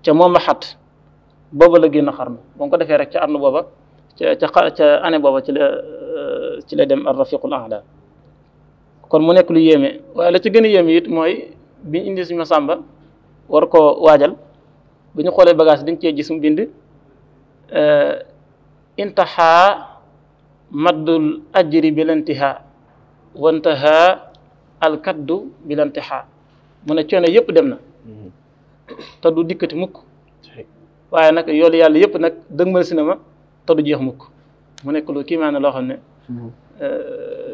ca moom la xat booba la génn xarnu ba ko defee rek ca arnu booba ca ca ca année booba ci la euh, ci la dem ar-rafiqul a'la kon mu nekk lu yéeme waa la ci gën a yéeme it mooy bi ñu indi suñu sàmba war ko waajal bu ñu xoolee bagage dañ cee gis mu bind euh, intahaa maddul ajri bil intihaa du alkaddu bilantihaa mu ne coono yëpp dem na te du dikkati mukk waaye nag yoolu yàlla yëpp nag dëgmal si na ma te du jeex mukk mu nekk lu kii loo xam ne mm-hmm.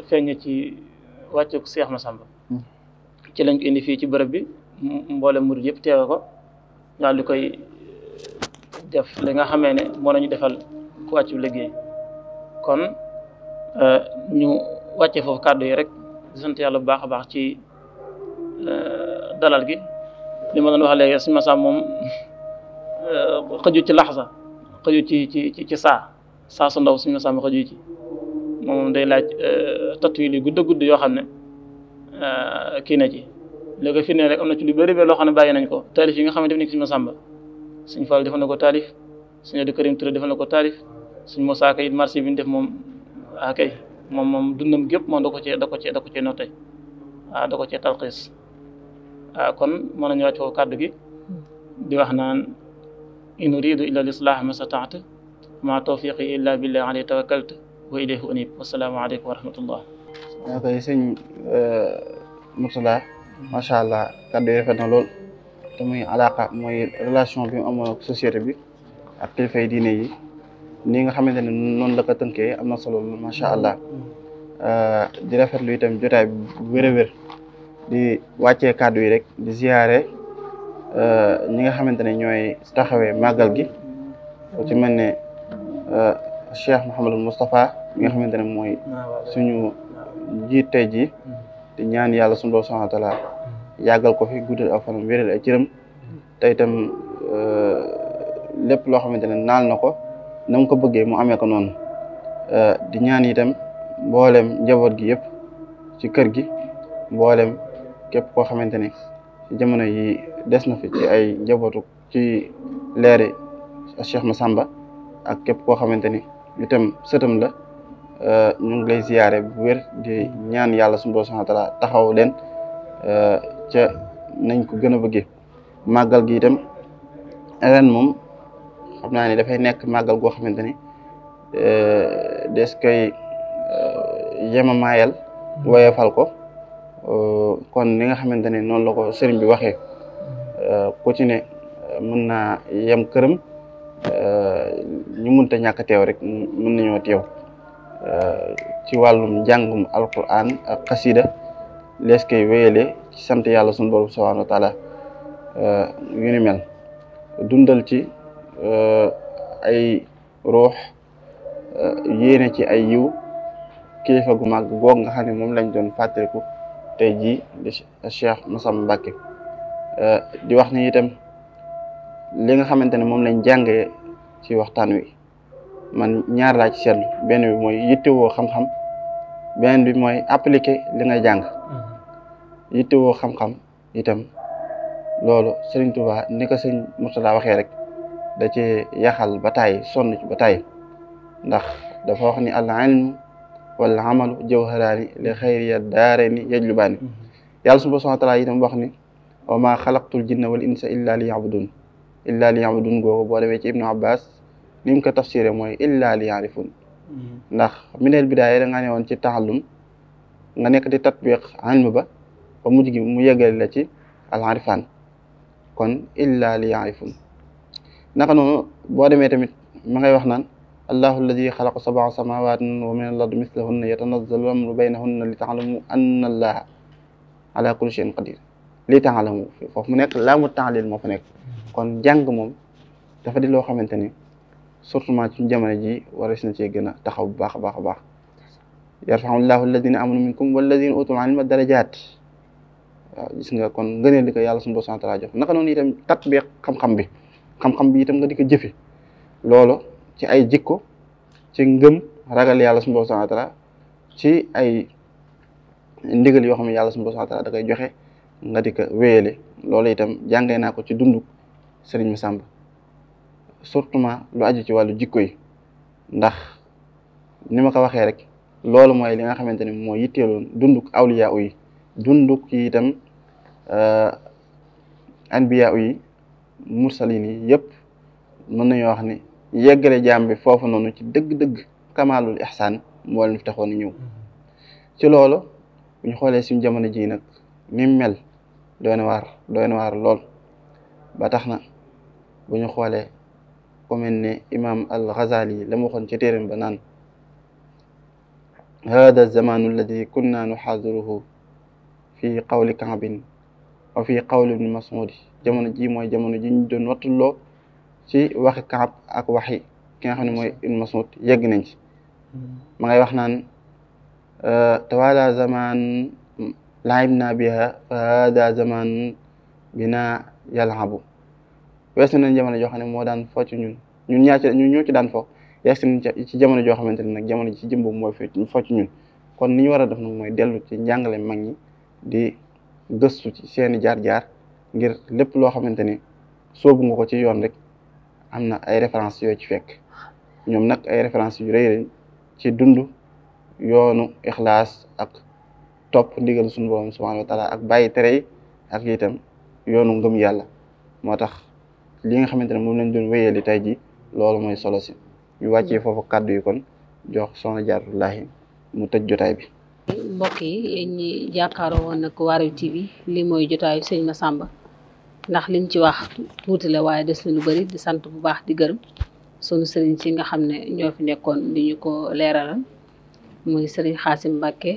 feeñ ci wàcce ko Seex Masamba ci lañ ko indi fii ci bërëb bi mboole murid yëpp teewe ko daal di koy eh, def la nga xamee ne moo nañu defal ku wàccu liggéey kon eh, ñu wàccee foofu kàddu yi rek di sant yàlla bu baax a baax ci euh, dalal gi li ma doon wax léegi si masaam moom euh, xëju ci laxsa xëju ci ci ci saa saa su ndaw suñu masaam xëju ci moom day laaj euh, tatwil yi gudd a gudd yoo xam ne kii na ci léegi fi ne rek am na ci lu bëri ba loo xam ne bàyyi nañ ko taalif yi nga xam ne def nañ ko suñu masamba suñ Fall defal na ko taalif suñu Abdou Karim Touré defal na ko taalif suñ Moussa Ka it marché bi ñu def moom akay ah, moom moom dundam gépp moom da ko cee da ko cee da ko ah, ah, kon mën nañu wàcc ko kàddu gi di wax naan in uridu illa lislah ma sataat ma tawfiqi illa billah alayhi wa ilayhi unib wa rahmatullah ñoo ah, koy sëñ eh, Murtala allah kàddu yi rafet lool te muy alaaka mooy relation bi mu amoon société bi ak kilifa yi yi nii nga xamante ne noonu la ko tënkee am na solo macha allah euh, di rafetlu itam jotaay bu wér a wér di wàccee kàddu wi rek di ziyaare euh, ñi nga xamante ne ñooy taxawee màggal gi ku ci mel ne euh, Cheikh Mouhamadou Moustapha mi xamante ne mooy suñu jiit te jii di ñaan yàlla suñu borom subhanahu wa taala yàggal ko fi guddal ak fanam wéral ay cëram te itam lépp loo xamante ne naal na ko na mu ko bëggee mu amee ko noonu euh, di ñaan itam mbooleem njaboot gi yëpp ci kër gi mbooleem képp koo xamante ni jamono yi des na fi ci ay njabootu ci leeri Cheikh Massamba ak képp koo xamante ni itam sëtam la euh, ñu ngi lay ziyaare bu ñaan yàlla suñu borom subhanahu taxaw leen euh, ca nañ ko gën a bëggee màggal gi itam ren moom xam naa ne dafay nekk màggal goo xamante ne euh, des koy euh, yema maayal woyefal ko euh, kon ni nga xamante ne noonu la ko sëriñ bi waxee ku ci ne mën yem këram ñu mënta ñàkk teew rek mën nañoo teew ci wàllum njàngum alquran ak xasida lees koy wéyale ci sant yàlla sunu borom subhanahu wa taala yu mel dundal ci Euh, ay ruux euh, yéene ci ay yiw kilifa gu mag goog nga xam ne moom lañ doon fàttaliku ji jii di Cheikh Massamba Mbacké euh, di wax ni itam li nga xamante ne moom lañ jàngee ci waxtaan wi man ñaar laa ci seetlu benn bi mooy yittewoo xam-xam benn bi mooy appliquer li nga jàng mm-hmm. yittewoo xam-xam itam loolu Serigne Touba ni ko sëñ Mourtada waxee rek da ce yaxal ba tàyyi sonn ba tàyyi ndax dafa wax ni al ilm wal amalu jawharaani li xayri daarayni yajlubaani mhm. yàlla subhaanahu wa taala itam wax ni wa maa xalaqtul jinna wal insa illa li yabudun illa li yabudun googu boo demee ci ibnu abbas ni mu ko tafsiré mooy illa li yarifun mhm. ndax mineel bidaaya da nga ne woon ci taxallum nga nekk di tatbiq ilm ba ba mujj mu yëgale la ci al arifaan kon illa li yarifun naka noonu boo demee tamit ma ngay wax naan allahu alladi xalaqa sabaa samawatin wa min al ard mislahunna yatanazzalu amru baynahunna li taalamu anna allaha ala kulli shay'in qadir li taalamu foofu mu nekk laamu taalil moo fa nekk kon jàng moom dafa di loo xamante ni surtout ci jamono ji waris na cee gën a taxaw bu baax a baax a baax yarfau llahu alladina amanu minkum walladina utul ilma darajaat waaw gis nga kon ngëneel li ko yàlla suñu borom subhanahu wa taala jox naka noonu itam tatbiq xam-xam bi xam-xam bi nga di ko jëfe loolu ci ay jikko ci ngëm ragal yàlla suñu borom ci ay ndigal yoo xam ne yàlla suñu borom da koy joxe nga di ko wéyale loolu itam jàngee naa ko ci dundu Sëriñ Massamba surtout lu aju ci wàllu jikko yi ndax ni ma ko waxee rek loolu mooy li nga xamante ni mooy yitteeloon dunduk awliyaa yi dunduk yi itam euh, anbiyaa yi mursalin yi yëpp mën nañoo wax ni yeggale jaam bi foofu noonu ci dëgg-dëgg kamaalul ihsaan moo leen fi taxoon ñëw ci loolu bu ñu xoolee suñ jamono ji nag ni mel doy na waar doy waar lool ba tax na bu ñu xoolee ku mel ne imaam al-Ghazali yi la mu ci téeram ba naan hada zamanu alladi kunna nuxaadiruhu fi qawli kaabin wa fi qawli ibni jamono ji mooy jamono ji ñu doon ci waxi Kaab ak waxi ki nga ne mooy Ibn Mas'ud yegg nañ ci ma ngay wax naan euh, tawala zaman laibna biha fa hada zaman bina yalhabu weesu nañ jamono joo xam ne moo daan fo ci ñun ñun ñaa ci ci daan fo yeegsi nañ ci jamono joo xamante ne nag jamono ji ci jëm boobu mooy fo ci ñun kon ni ñu war a def nag mooy dellu ci njàngale mag ñi di gëstu ci seeni jaar-jaar ngir lépp loo xamante ni soobu nga ko ci yoon rek am na ay références yoo ci fekk ñoom nag ay références yu rëy lañ ci dund yoonu ixlaas ak topp ndigal suñu borom subhanahu wa ak bàyyi tere ak itam yoonu ngëm yàlla moo tax li nga xamante ne moom lañ doon wéyali tey ji loolu mooy solo si ñu wàccee foofu kàddu yi kon jox soxna mu tëj jotaay bi mbokk yi ñi jàkkaaroo woon nag mooy jotaayu sëñ Massamba ndax liñ ci wax tuuti la waaye des na lu bari di sant bu baax di gërëm sunu sëriñ si nga xam ne ñoo fi nekkoon di ko leeralal muy sëriñ Xaasim Mbàkke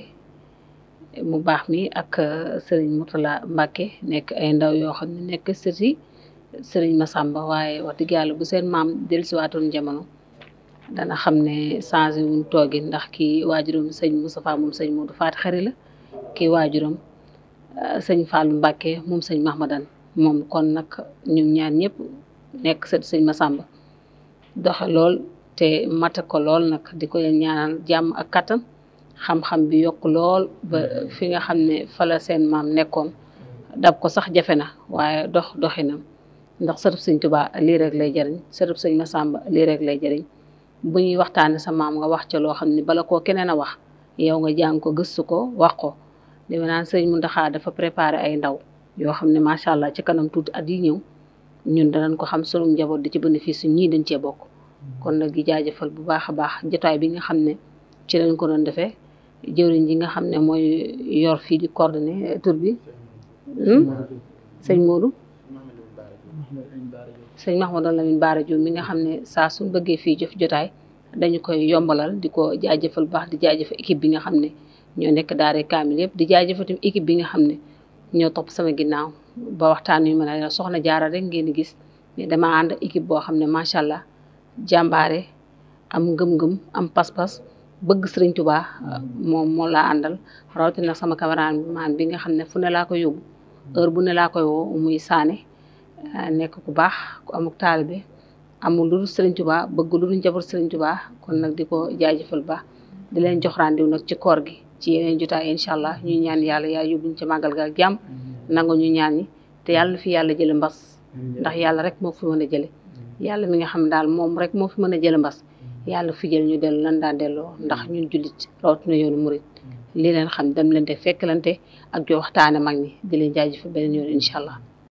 mu baax mi ak euh, sëriñ Murtala Mbàkke nekk ay ndaw yoo xam ne nekk sëti sëriñ Masamba waaye wax yàlla bu seen maam dellusiwaatoon jamono dana xam ne changé wuñ toogi ndax kii waajuram sëñ Moustapha moom sëñ Modou Faati Xari la kii waajuram euh, sëñ Fallou Mbàkke moom sëñ Mahmadan moom kon nag ñoom ñaar ñëpp nekk sët sëñ Masamba doxe lool te mate ko lool nag di ko ñaanal jàmm ak kattan xam-xam bi yokk lool ba fi nga xam ne fala seen maam nekkoon dab ko sax jafe na waaye dox doxinam ndax sërëb sëñ Tubaa lii rek lay jëriñ sërëb sëñ Masamba lii rek lay jëriñ bu ñuy waxtaane sa maam nga wax ca loo xam ne bala koo keneen a wax yow nga jàng ko gëstu ko wax ko dama naan sëñ Muntaxa dafa préparé ay ndaw yoo xam ne macha allah ci kanam tuuti at yi ñëw ñun danañ ko xam solo njaboot di ci bénéfice ñii dañ cee bokk. kon nag di jaajëfal bu baax a baax jotaay bi nga xam ne ci lañ ko doon defee jëwriñ ji nga xam ne mooy yor fii di coordonné tur bi. Hmm? sëñ Modou. sëñ Mahmoudou Lamine Bara Diouf mi nga xam ne saa suñ bëggee fii jëf jotaay dañu koy yombalal di ko jaajëfal bu baax di jaajëfal équipe bi nga xam ne ñoo nekk daare kaamil yëpp di jaajëfal tam équipe bi nga xam ne. ñoo topp sama ginnaaw ba waxtaan wi ma ne soxna jaara rek ngeen di gis mais dama ànd équipe boo xam ne macha allah jàmbaare am ngëm-ngëm am pas-pas bëgg sëriñ Tuubaa moom moo laa àndal na sama cameraman bi nga xam ne fu ne laa koy yóbbu heure bu ne laa koy woo muy saani nekk ku baax ku amuk bi amul lu dul sëriñ Tuubaa bëgg lu dul njaboot sëriñ Tuubaa kon nag di ko jaajëfal baax di leen jox rendez-vous nag ci koor gi ci yeneen jotaay incha allah ñuy ñaan yàlla yaa yóbbuñ ci màggal ga ak jàmm nangu ñu ñaan ñi te yàlla fi yàlla jële mbas ndax yàlla rek moo fi mën a jële yàlla mi nga xam daal moom rek moo fi mën a jële mbas yàlla fi jël ñu dellu lan daan delloo ndax ñun jullit rawatina yoonu murit li leen xam dem leen te fekkalante ak joo waxtaane mag ñi di leen jaajëfal beneen yoon incha allah